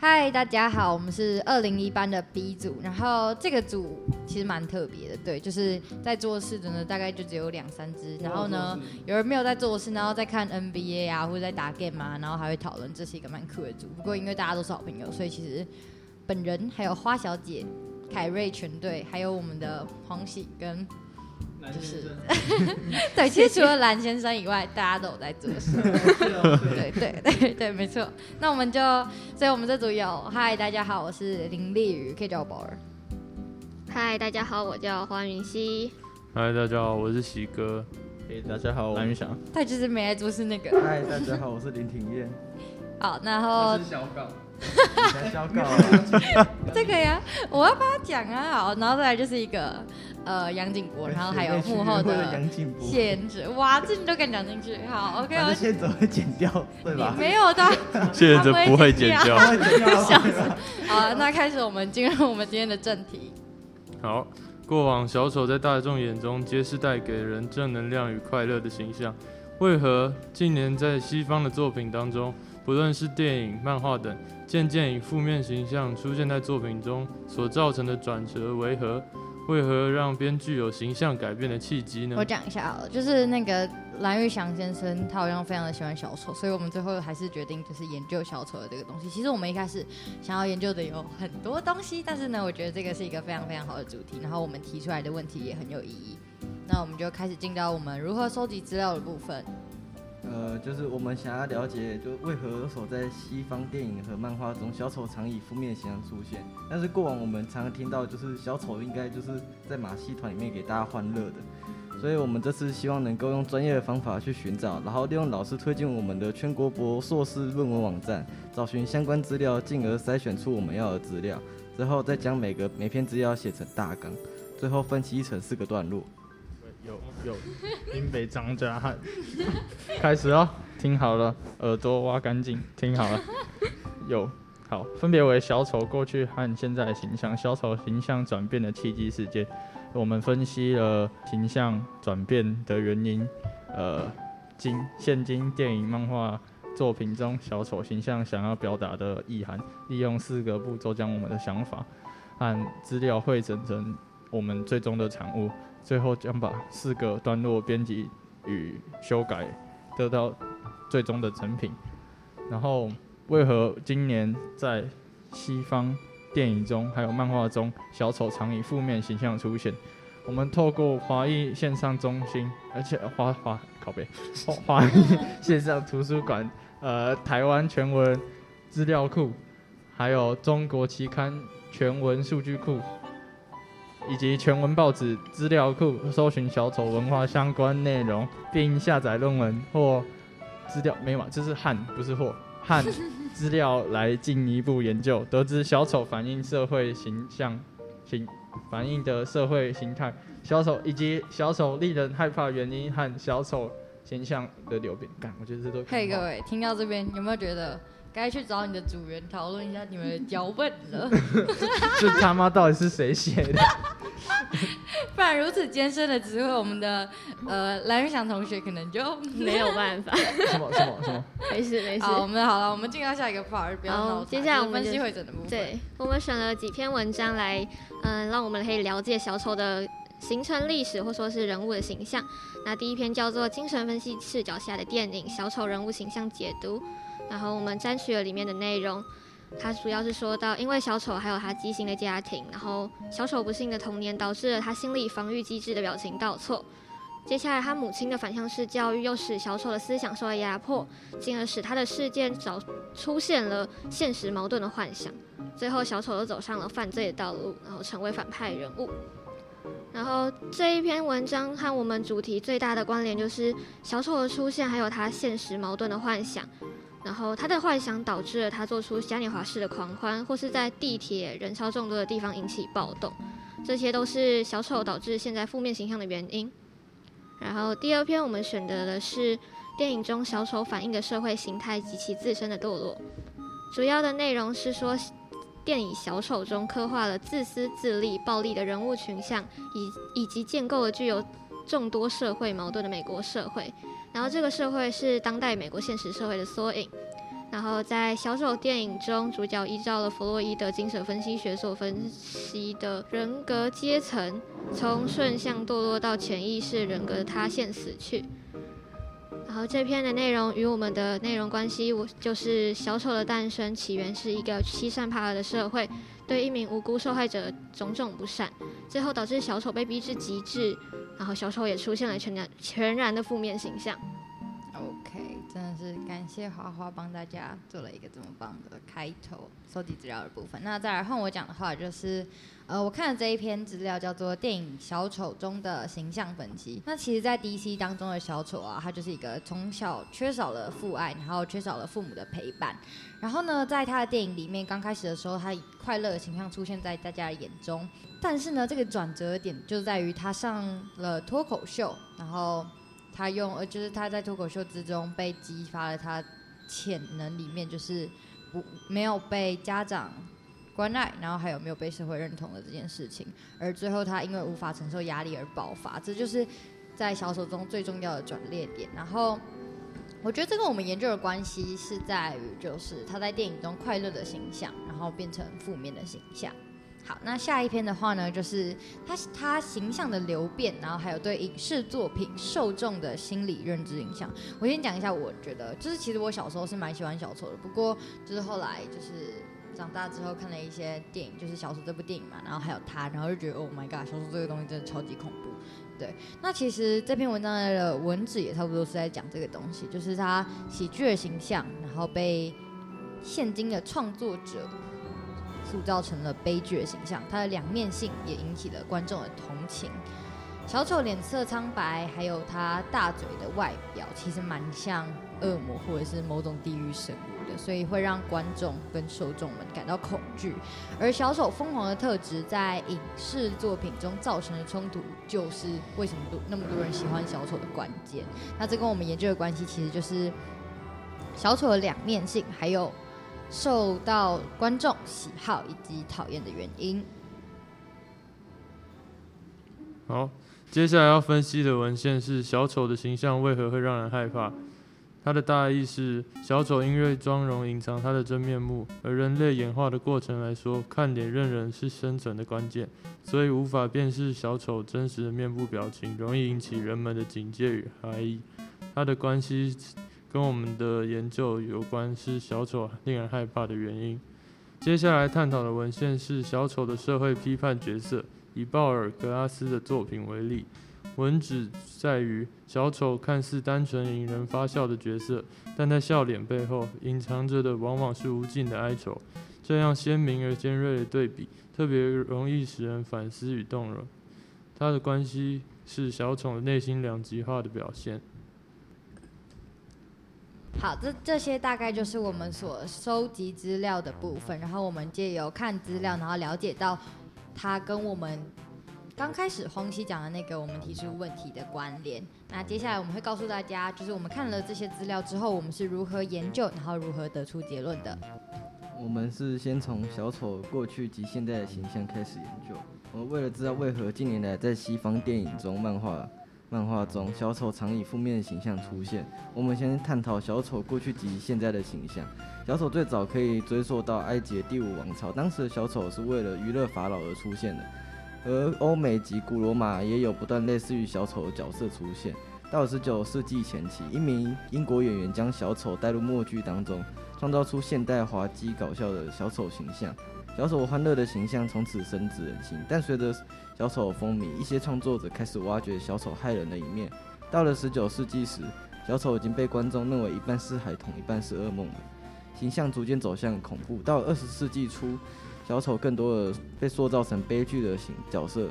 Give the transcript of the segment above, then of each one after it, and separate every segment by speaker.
Speaker 1: 嗨，大家好，我們是二零一班的 B 組，然後這個組其實蠻特別的，對，就是在做事的呢，大概就只有兩三只，然後呢，有人沒有在做事，然後在看 NBA 啊，或者在打 game 啊，然後還會討論，這是一個蠻酷的組。不過因為大家都是好朋友，所以其實本人還有花小姐、凱瑞全隊，還有我們的黃喜跟。那就是，對， 其實除了藍先生以外， 大家都有在做事。 對對對對，沒錯。那我們就，所以我們這組有，嗨，大家好，我是林立宇，可以叫我寶兒。嗨，大家
Speaker 2: 好，我叫黃雲熙。
Speaker 3: 嗨，大家好，我是喜哥。嘿、hey,，大家好，我藍雲翔。
Speaker 2: 對，就是每組是那個。嗨， 大家
Speaker 4: 好，我是林廷燁。
Speaker 2: 好，然後。我是小
Speaker 4: 哈 哈、啊， 啊、 這個呀，
Speaker 1: 我要幫他講啊。好，然後再來就是一個呃楊景博，然後還有幕後的剪紙。哇，這都你都敢講進去？好，OK，OK。
Speaker 5: Okay,
Speaker 4: 會剪掉，對吧？沒
Speaker 1: 有的， 有的 剪紙不，不會剪掉。
Speaker 3: 笑死好，
Speaker 1: 好，那開始我們進入我們今天的正題。
Speaker 3: 好，過往小丑在大眾眼中皆是帶給人正能量與快樂的形象，為何近年在西方的作品當中，不論是電影、漫畫等，漸漸以負面形象出現在作品中，所造成的轉折為何？為何讓編劇有形象改變的契機呢？我
Speaker 1: 講一下啊，就是那個藍玉祥先生，他好像非常的喜歡小丑，所以我們最後還是決定就是研究小丑的這個東西。其實我們一開始想要研究的有很多東西，但是呢，我覺得這個是一個非常非常好的主題，然後我們提出來的問題也很有意義。那我們就開始進到我們如何收集資料的部分。
Speaker 4: 呃，就是我們想要了解，就為何所在西方電影和漫畫中，小丑常以負面形象出現。但是過往我們常常聽到，就是小丑應該就是在馬戲團裡面給大家歡樂的。所以我們這次希望能夠用專業的方法去尋找，然後利用老師推薦我們的全國博碩士論文網站找尋相關資料，進而篩選出我們要的資料，然後再將每個每篇資料寫成大綱，
Speaker 5: 最後分析成四個段落。有有，因北張家漢，開始哦，聽好了，耳朵挖乾淨，聽好了，有 好，分別為小丑過去和現在的形象，小丑形象轉變的契機事件，我們分析了形象轉變的原因，呃，今現今電影漫畫作品中小丑形象想要表達的意涵，利用四個步驟將我們的想法和資料匯整成我們最終的產物。最後將把四個段落編輯與修改，得到最終的成品。然後，為何今年在西方電影中還有漫畫中，小丑常以負面形象出現？我們透過華藝線上中心，而且華華，靠背，華華藝線上圖書館，呃，台灣全文資料庫，還有中國期刊全文數據庫。以及全文報紙資料庫搜尋小丑文化相關內容，並下載論文或資料沒有嘛、啊？這、就是漢不是貨漢資料來進一步研究， 得知小丑反映社會形象形反映的社會形態，小丑以及小丑令人害怕原因和小丑形象的流變。感。我覺得這都可以。嘿、
Speaker 1: hey,，各位聽到這邊有沒有覺得？該去找你的主人討論一下你們的腳本了。
Speaker 5: 這 他媽到底是誰寫的？
Speaker 1: 不然如此艱深的職位，我們的呃藍玉祥同學可能就沒有辦
Speaker 2: 法。 什麼什麼什麼 沒事沒事。好，我們好了，我們進到下一個 part。然後接下來我們就、就是、回對，我們選了幾篇文章來，嗯、呃，讓我們可以了解小丑的形成歷史，或說是人物的形象。那第一篇叫做《精神分析視角下的電影小丑人物形象解讀》。然後我們摘取了裡面的內容，他主要是說到，因為小丑還有他畸形的家庭，然後小丑不幸的童年導致了他心理防禦機制的表情倒錯，接下來他母親的反向式教育又使小丑的思想受到壓迫，進而使他的世界早出現了現實矛盾的幻想，最後小丑又走上了犯罪的道路，然後成為反派人物。然後這一篇文章和我們主題最大的關聯就是小丑的出現，還有他現實矛盾的幻想。然後他的幻想導致了他做出嘉年華式的狂歡，或是在地鐵人潮眾多的地方引起暴動，這些都是小丑導致現在負面形象的原因。然後第二篇我們選擇的是電影中小丑反映的社會形態及其自身的墮落，主要的內容是說電影《小丑》中刻畫了自私自利、暴力的人物群像，以以及建構了具有眾多社會矛盾的美國社會，然後這個社會是當代美國現實社會的縮影。然後在小丑電影中，主角依照了弗洛伊德精神分析學所分析的人格階層，從順向墮落到潛意識人格的塌陷死去。然後這篇的內容與我們的內容關係，我就是小丑的誕生起源是一個欺善怕惡的社會，對一名無辜受害者種種不善，最後導致小丑被逼至極致，然後小丑也出現了全然全然的負面形象。是感謝花花幫大家做了一個這麼棒的開頭
Speaker 1: 收集資料的部分。那再來換我講的話，就是，呃，我看了這一篇資料叫做《電影小丑中的形象分析》。那其實，在 DC 當中的小丑啊，他就是一個從小缺少了父愛，然後缺少了父母的陪伴。然後呢，在他的電影裡面，剛開始的時候，他以快樂的形象出現在大家的眼中。但是呢，這個轉折點就在於他上了脫口秀，然後。他用，呃，就是他在脫口秀之中被激發了他潛能裡面，就是不沒有被家長關愛，然後還有沒有被社會認同的這件事情，而最後他因為無法承受壓力而爆發，這就是在小丑中最重要的轉捩點。然後我覺得這跟我們研究的關係是在於，就是他在電影中快樂的形象，然後變成負面的形象。好，那下一篇的話呢，就是他他形象的流變，然後還有對影視作品受眾的心理認知影響。我先講一下，我覺得就是其實我小時候是蠻喜歡小丑的，不過就是後來就是長大之後看了一些電影，就是小丑這部電影嘛，然後還有他，然後就覺得哦、oh my god，小丑這個東西真的超級恐怖。對，那其實這篇文章的文字也差不多是在講這個東西，就是他喜劇的形象，然後被現今的創作者。塑造成了悲劇的形象，他的兩面性也引起了觀眾的同情。小丑臉色蒼白，還有他大嘴的外表，其實蠻像惡魔或者是某種地獄生物的，所以會讓觀眾跟受眾們感到恐懼。而小丑瘋狂的特質在影視作品中造成的衝突，就是為什麼多那麼多人喜歡小丑的關鍵。那這跟我們研究的關係其實就是小丑的兩面性，還有。受到觀眾喜好以及討厭的原因。
Speaker 3: 好，接下來要分析的文獻是小丑的形象為何會讓人害怕。它的大意是：小丑因為妝容隱藏他的真面目，而人類演化的過程來說，看臉認人是生存的關鍵，所以無法辨識小丑真實的面部表情，容易引起人們的警戒與懷疑。他的關係。跟我們的研究有關是小丑令人害怕的原因。接下來探討的文獻是小丑的社會批判角色，以鮑爾格拉斯的作品為例。文旨在於小丑看似單純引人發笑的角色，但在笑臉背後隱藏着的往往是無盡的哀愁。這樣鮮明而尖銳的對比，特別容易使人反思與動容。他的關係是小丑的內心兩極化的表現。
Speaker 1: 好，這這些大概就是我們所收集資料的部分。然後我們借由看資料，然後了解到，它跟我們剛開始洪熙講的那個我們提出問題的關聯。那接下來我們會告訴大家，就是我們看了這些資料之後，我們是如何研究，然後如何得出結論的。
Speaker 4: 我們是先從小丑過去及現在的形象開始研究。我們為了知道為何近年來在西方電影中漫畫。漫畫中小丑常以負面的形象出現。我們先探討小丑過去及現在的形象。小丑最早可以追溯到埃及的第五王朝，當時的小丑是為了娛樂法老而出現的。而歐美及古羅馬也有不斷類似於小丑的角色出現。到十九世紀前期，一名英國演員將小丑帶入默劇當中，創造出現代滑稽搞笑的小丑形象。小丑歡樂的形象從此深植人心，但隨着小丑風靡，一些創作者開始挖掘小丑害人的一面。到了十九世紀時，小丑已經被觀眾認為一半是孩童，一半是噩夢了，形象逐漸走向恐怖。到二十世紀初，小丑更多的被塑造成悲劇的形角色，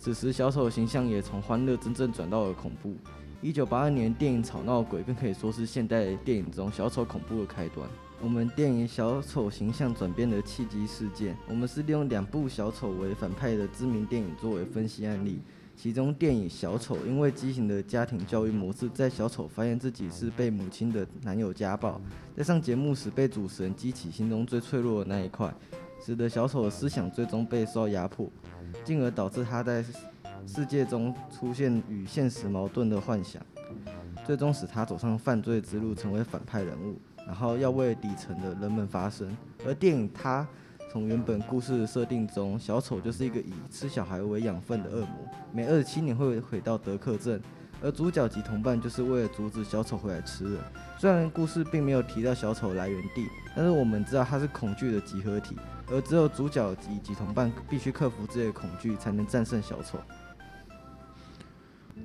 Speaker 4: 此時小丑的形象也從歡樂真正轉到了恐怖。一九八二年電影《吵鬧鬼》更可以說是現代電影中小丑恐怖的開端。我們電影小丑形象轉變的契機事件，我們是利用兩部小丑為反派的知名電影作為分析案例。其中，電影《小丑》因為畸形的家庭教育模式，在小丑發現自己是被母親的男友家暴，在上節目時被主持人激起心中最脆弱的那一塊，使得小丑的思想最終被受到壓迫，進而導致他在世界中出現與現實矛盾的幻想，最終使他走上犯罪之路，成為反派人物。然後要為底層的人們發聲，而電影它從原本故事的設定中，小丑就是一個以吃小孩為養分的惡魔，每二十七年會回到德克鎮，而主角及同伴就是為了阻止小丑回來吃人。雖然故事並沒有提到小丑的來源地，但是我們知道它是恐懼的集合體，而只有主角以及同伴必須克服這些恐懼，才能戰勝小丑。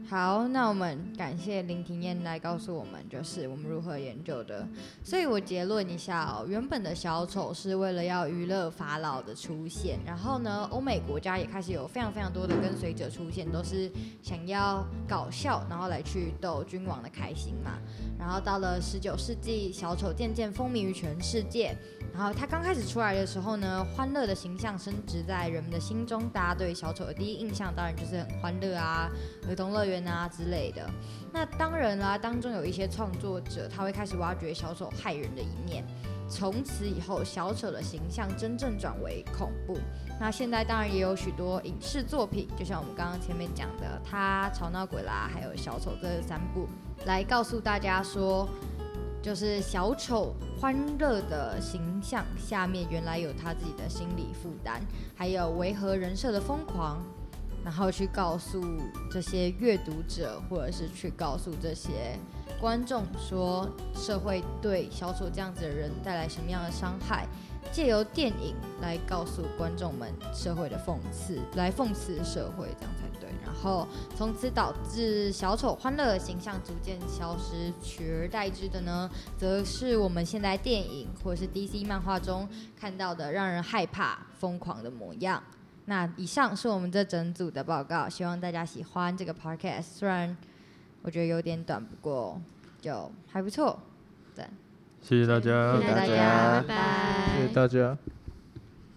Speaker 1: 好，那我們感謝林庭豔來告訴我們，就是我們如何研究的。所以我結論一下哦，原本的小丑是為了要娛樂法老的出現，然後呢，歐美國家也開始有非常非常多的跟隨者出現，都是想要搞笑，然後來去逗君王的開心嘛。然後到了十九世紀，小丑漸漸風靡於全世界。然後他剛開始出來的時候呢，歡樂的形象深植在人們的心中的、啊，大家對小丑的第一印象當然就是很歡樂啊，兒童樂園。啊之類的，那當然啦，當中有一些創作者他會開始挖掘小丑害人的一面，從此以後小丑的形象真正轉為恐怖。那現在當然也有許多影視作品，就像我們剛剛前面講的《他吵鬧鬼》啦，還有小丑這三部，來告訴大家說，就是小丑歡樂的形象下面原來有他自己的心理負擔，還有違和人設的瘋狂。然後去告訴這些閱讀者，或者是去告訴這些觀眾說，說社會對小丑這樣子的人帶來什麼樣的傷害，借由電影來告訴觀眾們社會的諷刺，來諷刺社會這樣才對。然後從此導致小丑歡樂的形象逐漸消失，取而代之的呢，則是我們現在電影或者是 DC 漫畫中看到的讓人害怕、瘋狂的模樣。那以上是我們這整組的報告，希望大家喜歡這個 Podcast。雖然我覺得有點短，不過就還不錯。對，謝謝大家，
Speaker 5: 謝謝大家，謝謝大家，拜拜，謝謝大家。